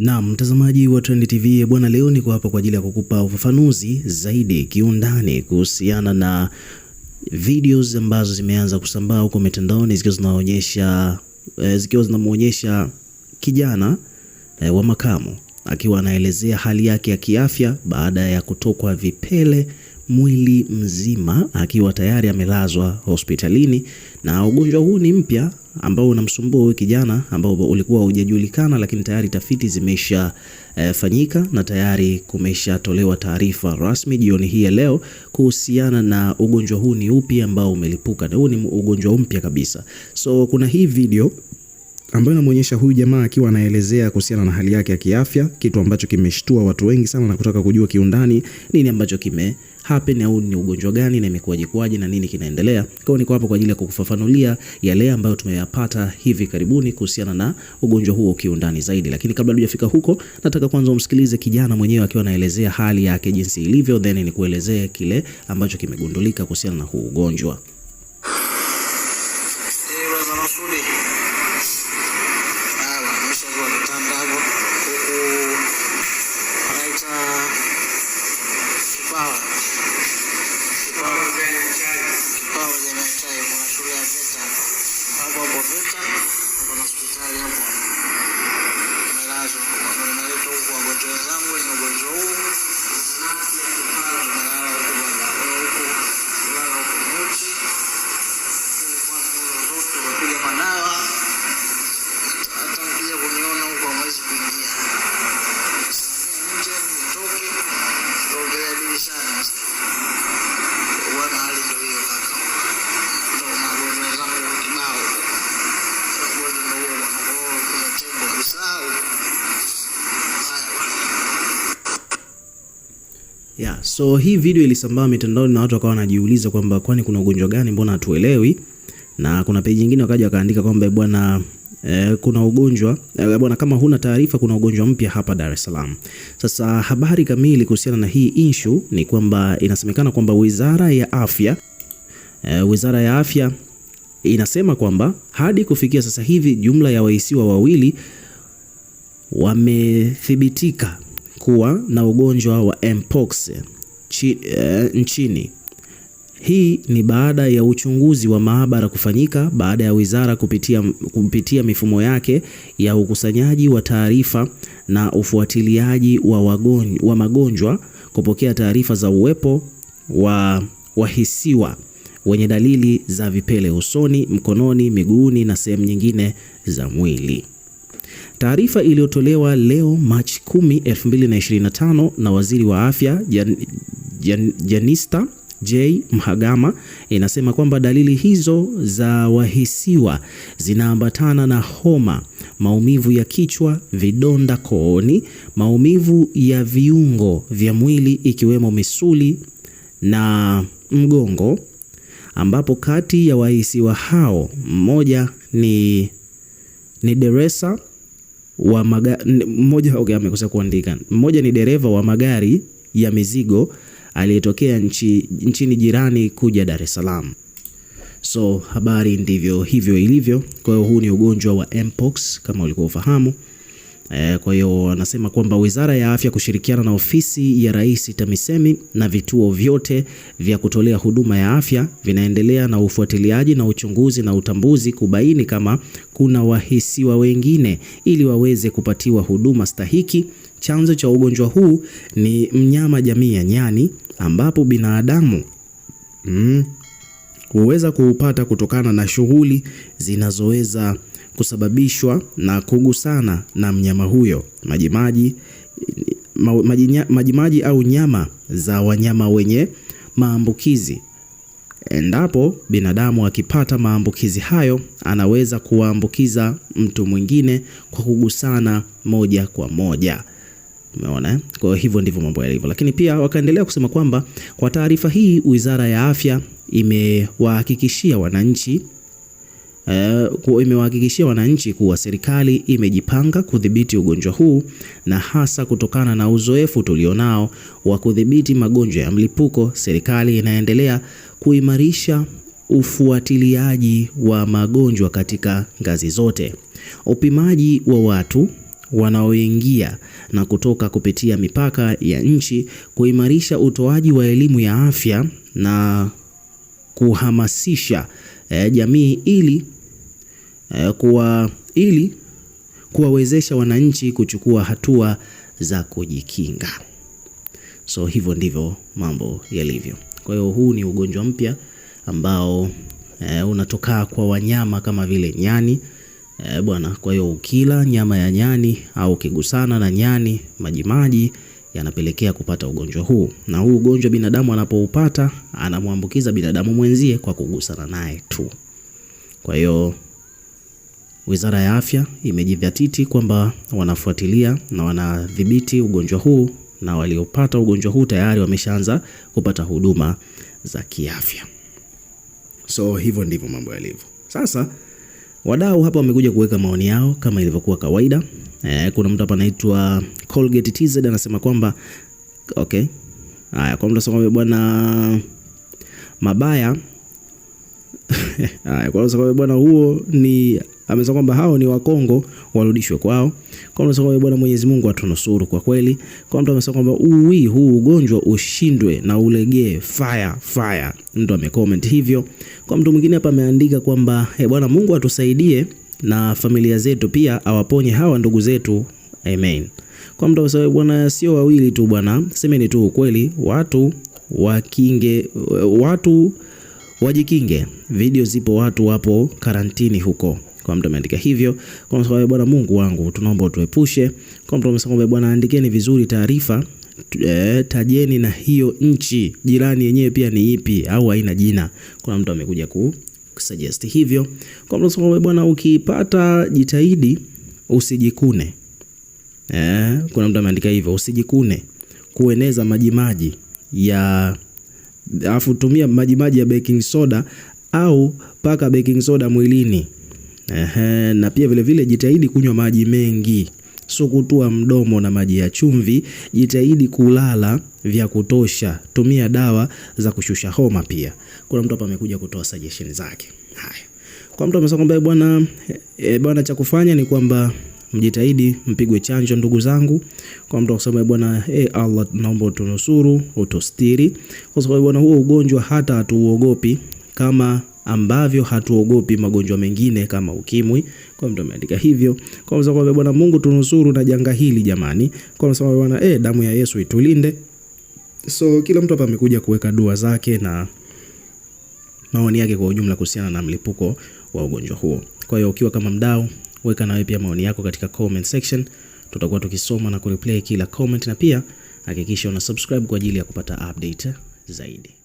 Na mtazamaji wa Trend TV bwana, leo niko hapa kwa ajili ya kukupa ufafanuzi zaidi kiundani kuhusiana na videos ambazo zimeanza kusambaa huko mitandaoni zikiwa zinaonyesha eh, zikiwa zinamuonyesha kijana eh, wa makamo akiwa anaelezea hali yake ya kiafya baada ya kutokwa vipele mwili mzima akiwa tayari amelazwa hospitalini, na ugonjwa huu ni mpya ambao unamsumbua huyu kijana ambao ulikuwa hujajulikana lakini tayari tafiti zimesha e, fanyika na tayari kumeshatolewa taarifa rasmi jioni hii ya leo kuhusiana na ugonjwa huu ni upi ambao umelipuka, na huu ni ugonjwa mpya kabisa. So kuna hii video ambayo inamwonyesha huyu jamaa akiwa anaelezea kuhusiana na hali yake ya kiafya, kitu ambacho kimeshtua watu wengi sana na kutaka kujua kiundani nini ambacho kime happen au ni ugonjwa gani na imekuwaje kwaje na nini kinaendelea. Kwa niko hapo kwa ajili ya kukufafanulia yale ambayo tumeyapata hivi karibuni kuhusiana na ugonjwa huo kiundani zaidi, lakini kabla hujafika huko, nataka kwanza umsikilize kijana mwenyewe akiwa anaelezea hali yake jinsi ilivyo, then nikuelezee kile ambacho kimegundulika kuhusiana na huu ugonjwa. Yeah, so hii video ilisambaa mitandaoni na watu wakawa wanajiuliza kwamba kwani kuna ugonjwa gani, mbona hatuelewi? Na kuna peji nyingine wakaja wakaandika kwamba eh, bwana Eh, kuna ugonjwa eh, bwana, kama huna taarifa, kuna ugonjwa mpya hapa Dar es Salaam. Sasa habari kamili kuhusiana na hii issue ni kwamba inasemekana kwamba Wizara ya Afya eh, Wizara ya Afya inasema kwamba hadi kufikia sasa hivi jumla ya wahisiwa wawili wamethibitika kuwa na ugonjwa wa mpox chi, eh, nchini. Hii ni baada ya uchunguzi wa maabara kufanyika baada ya wizara kupitia, kupitia mifumo yake ya ukusanyaji wa taarifa na ufuatiliaji wa, wagon, wa magonjwa kupokea taarifa za uwepo wa wahisiwa wenye dalili za vipele usoni, mkononi, miguuni na sehemu nyingine za mwili. Taarifa iliyotolewa leo Machi 10, 2025 na Waziri wa Afya Jan, Jan, Janista J Mhagama inasema kwamba dalili hizo za wahisiwa zinaambatana na homa, maumivu ya kichwa, vidonda kooni, maumivu ya viungo vya mwili ikiwemo misuli na mgongo, ambapo kati ya wahisiwa hao mmoja ni, ni Deresa wa maga, mmoja, okay, amekosa kuandika. Mmoja ni dereva wa magari ya mizigo aliyetokea nchi, nchini jirani kuja Dar es Salaam. So habari ndivyo hivyo ilivyo. Kwa hiyo huu ni ugonjwa wa mpox kama ulikuwa ufahamu. E, kwa hiyo anasema kwamba Wizara ya Afya kushirikiana na ofisi ya Rais TAMISEMI na vituo vyote vya kutolea huduma ya afya vinaendelea na ufuatiliaji na uchunguzi na utambuzi kubaini kama kuna wahisiwa wengine ili waweze kupatiwa huduma stahiki. Chanzo cha ugonjwa huu ni mnyama jamii ya nyani ambapo binadamu mm, huweza mm, kuupata kutokana na shughuli zinazoweza kusababishwa na kugusana na mnyama huyo, majimaji majimaji au nyama za wanyama wenye maambukizi. Endapo binadamu akipata maambukizi hayo, anaweza kuwaambukiza mtu mwingine kwa kugusana moja kwa moja. Umeona, eh? kwa hivyo ndivyo mambo yalivyo, lakini pia wakaendelea kusema kwamba kwa taarifa hii, Wizara ya Afya imewahakikishia wananchi uh, imewahakikishia wananchi kuwa serikali imejipanga kudhibiti ugonjwa huu na hasa kutokana na uzoefu tulionao wa kudhibiti magonjwa ya mlipuko, serikali inaendelea kuimarisha ufuatiliaji wa magonjwa katika ngazi zote. Upimaji wa watu wanaoingia na kutoka kupitia mipaka ya nchi, kuimarisha utoaji wa elimu ya afya na kuhamasisha eh, jamii ili eh, kuwa ili kuwawezesha wananchi kuchukua hatua za kujikinga. So hivyo ndivyo mambo yalivyo. Kwa hiyo huu ni ugonjwa mpya ambao eh, unatoka kwa wanyama kama vile nyani eh, bwana. Kwa hiyo ukila nyama ya nyani au ukigusana na nyani majimaji yanapelekea kupata ugonjwa huu, na huu ugonjwa binadamu anapoupata anamwambukiza binadamu mwenzie kwa kugusana naye tu. Kwa hiyo Wizara ya Afya imejidhatiti kwamba wanafuatilia na wanadhibiti ugonjwa huu na waliopata ugonjwa huu tayari wameshaanza kupata huduma za kiafya. So hivyo ndivyo mambo yalivyo sasa. Wadau hapa wamekuja kuweka maoni yao kama ilivyokuwa kawaida. E, kuna mtu hapa anaitwa Colgate TZ anasema kwamba okay. Haya, kwa mtu asema bwana mabaya. Haya, kwa sababu bwana huo ni amesema kwamba hao ni Wakongo warudishwe kwao. Kwa mtu kwamba Bwana Mwenyezi Mungu atunusuru kwa kweli. Kwa mtu amesema kwamba uwi huu ugonjwa ushindwe na ulegee, fire fire. Mtu amecomment hivyo. Kwa mtu mwingine hapa ameandika kwamba e, Bwana Mungu atusaidie na familia zetu pia awaponye hawa ndugu zetu amen. Kwa mtu amesema bwana, sio wawili tu bwana, semeni tu ukweli, watu wakinge, watu wajikinge. Video zipo, watu wapo karantini huko. Kwa mtu ameandika hivyo, kwa sababu Bwana Mungu wangu, tunaomba utuepushe. Kwa mtu amesema kwamba Bwana, andikeni vizuri taarifa E, tajeni na hiyo nchi jirani yenyewe pia ni ipi au haina jina. Kuna mtu amekuja ku suggest hivyo kwa mtu bwana, ukipata jitahidi usijikune. E, kuna mtu ameandika hivyo, usijikune kueneza majimaji ya afu tumia majimaji ya baking soda au paka baking soda mwilini. Ehe, na pia vilevile vile jitahidi kunywa maji mengi, sio kutua mdomo na maji ya chumvi. Jitahidi kulala vya kutosha, tumia dawa za kushusha homa. Pia kuna mtu hapa amekuja kutoa suggestion zake. Haya, kwa mtu amesema kwamba eh, bwana e, bwana cha kufanya ni kwamba mjitahidi mpigwe chanjo ndugu zangu. Kwa mtu akusema eh, bwana e, Allah naomba utunusuru, utustiri, kwa sababu bwana huo ugonjwa hata hatuuogopi kama ambavyo hatuogopi magonjwa mengine kama ukimwi. Kwa mtu ameandika hivyo, kwa sababu wa Bwana Mungu tunusuru na janga hili jamani, kwa sababu Bwana eh, damu ya Yesu itulinde. So kila mtu hapa amekuja kuweka dua zake na maoni yake kwa ujumla kuhusiana na mlipuko wa ugonjwa huo. Kwa hiyo ukiwa kama mdau, weka nawe pia maoni yako katika comment section, tutakuwa tukisoma na kureplay kila comment, na pia hakikisha una subscribe kwa ajili ya kupata update zaidi.